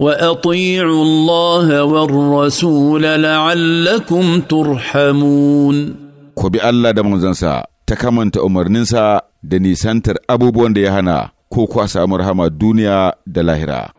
واطيعوا الله والرسول لعلكم ترحمون ku bi Allah da manzansa ta kamanta umarninsa da nisantar abubuwan da ya hana ko ku samu rahama duniya da lahira